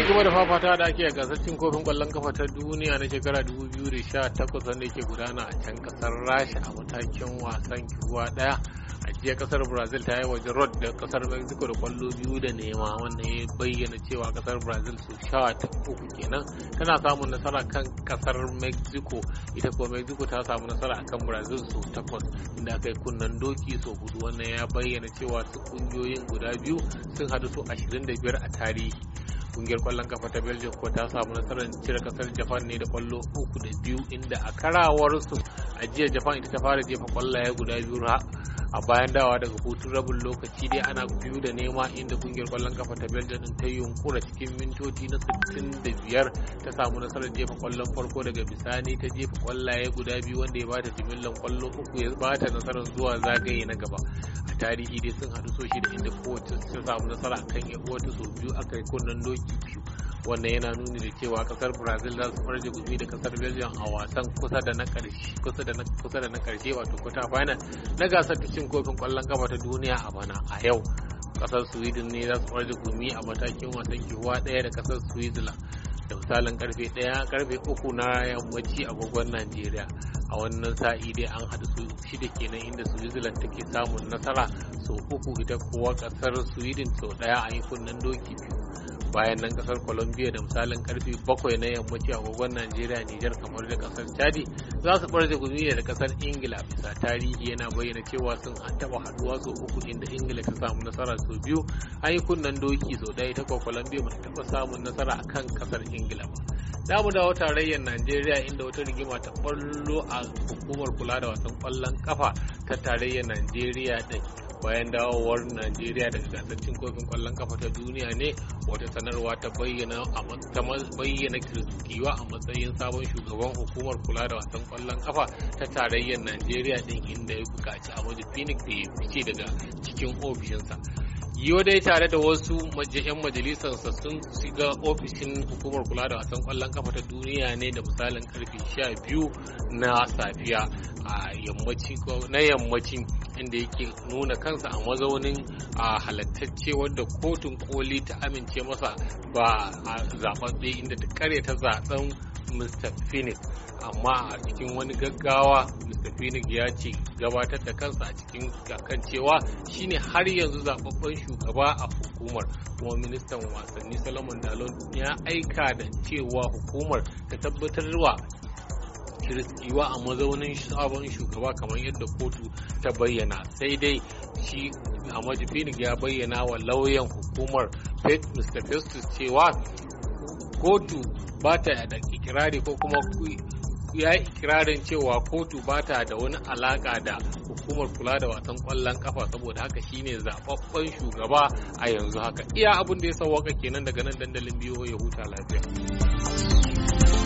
ci gaba da fafata da ake a kofin kwallon kafa ta duniya na shekara 2018 wanda yake gudana a can kasar rasha a matakin wasan kiwa daya a jiya kasar brazil ta yi waje rod da kasar mexico da kwallo biyu da nema wanda ya bayyana cewa kasar brazil su sha ta uku kenan tana samun nasara kan kasar mexico ita kuma mexico ta samu nasara kan brazil su takwas inda aka yi kunnen doki so hudu wannan ya bayyana cewa su kungiyoyin guda biyu sun hadu su 25 a tarihi kungiyar kwallon kafa ta belgium ko ta samu nasarar cire kasar japan ne da kwallo uku da biyu inda a karawarsu a jiya japan ita ta fara jefa kwallaye guda biyu a bayan dawa daga hutun rabin lokaci dai ana biyu da nema inda kungiyar kwallon kafa ta belgium ta yunkura cikin mintoci na 65 ta samu nasarar jefa kwallon farko daga bisani ta jefa kwallaye guda biyu wanda ya bata jimillan kwallo uku ya bata nasarar zuwa zagaye na gaba a tarihi dai sun hadu so da inda kowace ta samu nasara kan yan wata sau biyu aka yi kunnen doki biyu wannan yana nuni da cewa kasar brazil za su farje gumi da kasar belgium a wasan kusa da na karshe kusa da na kusa da na karshe wato kota final na gasar ta cin kofin kwallon kafa ta duniya a bana a yau kasar sweden ne za su farje gumi a matakin wasan kiwa daya da kasar switzerland da misalin karfe daya karfe uku na yammaci agogon najeriya a wannan sa'i dai an haɗu su shida kenan inda switzerland take samun nasara sau uku ita kuwa kasar sweden sau daya a yi kunnen doki biyu bayan nan kasar colombia da misalin karfe bakwai na yammaci agogon najeriya nijar kamar da kasar chadi za su bar da da kasar ingila bisa tarihi yana bayyana cewa sun an taba haduwa sau uku inda ingila ta samu nasara sau biyu an yi kunnen doki sau daya ta colombia ba ta taba samun nasara a kan kasar ingila ba za mu dawo tarayyar najeriya inda wata rigima ta kwallo a hukumar kula da wasan kwallon kafa ta tarayyar najeriya da bayan dawowar najeriya daga gasar kofin kwallon kafa ta duniya ne wata sanarwa ta bayyana ta a matsayin sabon shugaban hukumar kula da wasan kwallon kafa ta tarayyar najeriya din inda ya buƙaci wajen phoenix da ya fice daga cikin ofishinsa yiwu dai tare da wasu yan majalisarsa sun shiga ofishin hukumar kula da wasan kwallon kafa ta duniya ne da misalin karfe 12 na safiya a na yammacin inda yake nuna kansa a mazaunin a halattacce wadda kotun koli ta amince masa ba a zaɓaɓɓe inda ta karyata zaɓen mr phoenix amma a cikin wani gaggawa mr phoenix ya ce gabatar da kansa a cikin kan cewa shine har yanzu zaɓaɓɓen shugaba a hukumar kuma ministan wasanni solomon dalon ya aika da cewa hukumar ta tabbatarwa. Idris Iwa a mazaunin sabon shugaba kamar yadda kotu ta bayyana sai dai shi Ahmadu Phoenix ya bayyana wa lauyan hukumar Mr. Festus cewa kotu ba ta da ikirari ko kuma ya yi ikirarin cewa kotu ba ta da wani alaka da hukumar kula da wasan kwallon kafa saboda haka shine zababben shugaba a yanzu haka iya abin da ya sauwaka kenan daga nan dandalin biyo ya huta lafiya